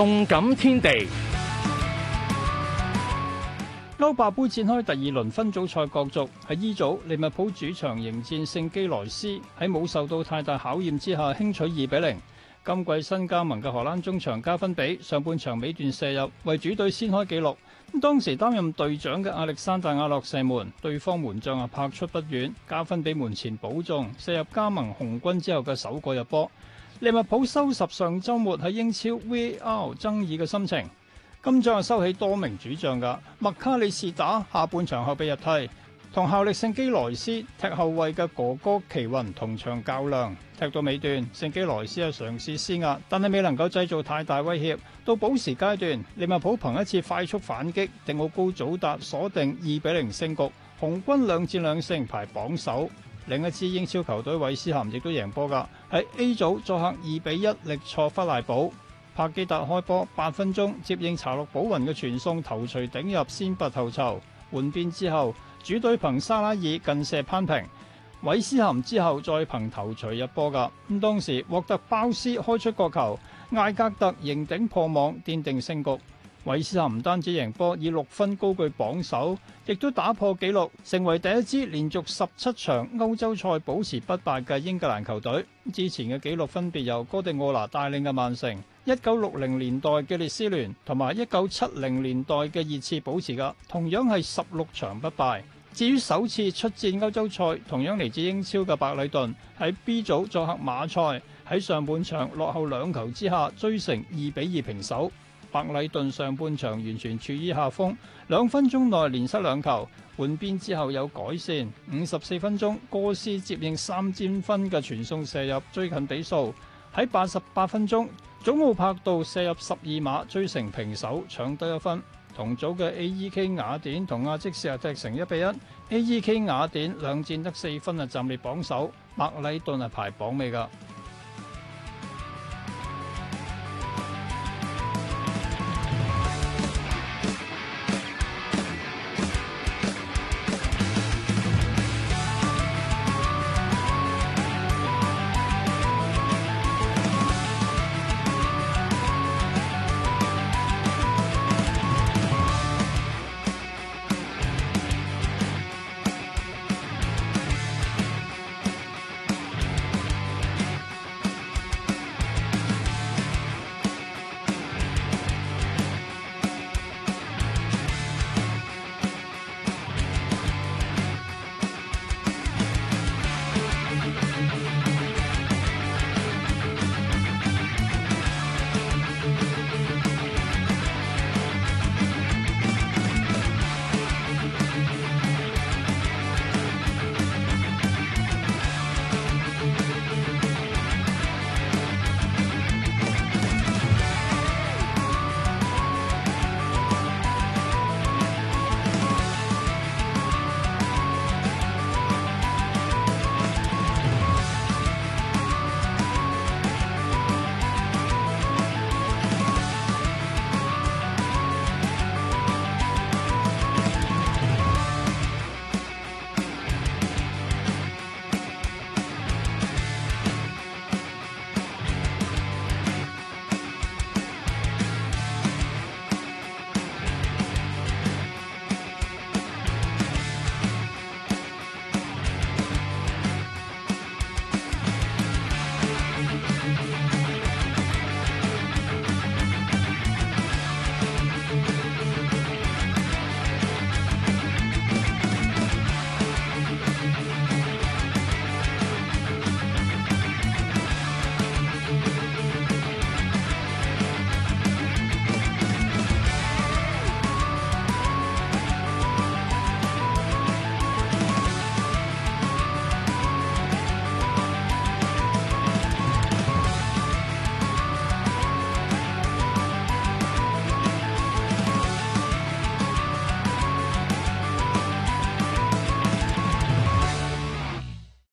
動感天地，歐霸杯展開第二輪分組賽角逐。喺 E 組利物浦主場迎戰聖基萊斯，喺冇受到太大考驗之下，輕取二比零。今季新加盟嘅荷蘭中場加芬比，上半場尾段射入，為主隊先開紀錄。當時擔任隊長嘅亞歷山大阿諾射門，對方門將啊拍出不遠，加芬比門前補中，射入加盟紅軍之後嘅首個入波。利物浦收拾上周末喺英超 V.R 爭議嘅心情，今仗收起多名主將㗎。麥卡里士打下半場後備入替，同效力聖基萊斯踢後衛嘅哥哥奇雲同場較量。踢到尾段，聖基萊斯有嘗試施壓，但係未能夠製造太大威脅。到補時階段，利物浦憑一次快速反擊，迪奧高祖達鎖定二比零勝局。紅軍兩戰兩勝排榜首。另一支英超球隊韋斯咸亦都贏波㗎，喺 A 組作客二比一力挫弗賴堡。帕基特開波八分鐘接應查洛保雲嘅傳送，頭槌頂入先拔頭籌。換邊之後，主隊憑沙拉爾近射扳平。韋斯咸之後再憑頭槌入波㗎。咁當時獲得包斯開出個球，艾格特迎頂破網奠定勝局。維斯塔唔單止贏波，以六分高居榜首，亦都打破紀錄，成為第一支連續十七場歐洲賽保持不敗嘅英格蘭球隊。之前嘅紀錄分別由哥迪奧拿帶領嘅曼城、一九六零年代嘅列斯聯同埋一九七零年代嘅熱刺保持嘅，同樣係十六場不敗。至於首次出戰歐洲賽，同樣嚟自英超嘅白里頓喺 B 組作客馬賽，喺上半場落後兩球之下追成二比二平手。白禮頓上半場完全處於下風，兩分鐘內連失兩球。換邊之後有改善，五十四分鐘哥斯接應三佔分嘅傳送射入追近比數。喺八十八分鐘，祖奧柏度射入十二碼追成平手，搶得一分。同組嘅 A.E.K. 雅典同亞積士踢成一比一。A.E.K. 雅典兩戰得四分啊，暫列榜首。白禮頓係排榜尾㗎。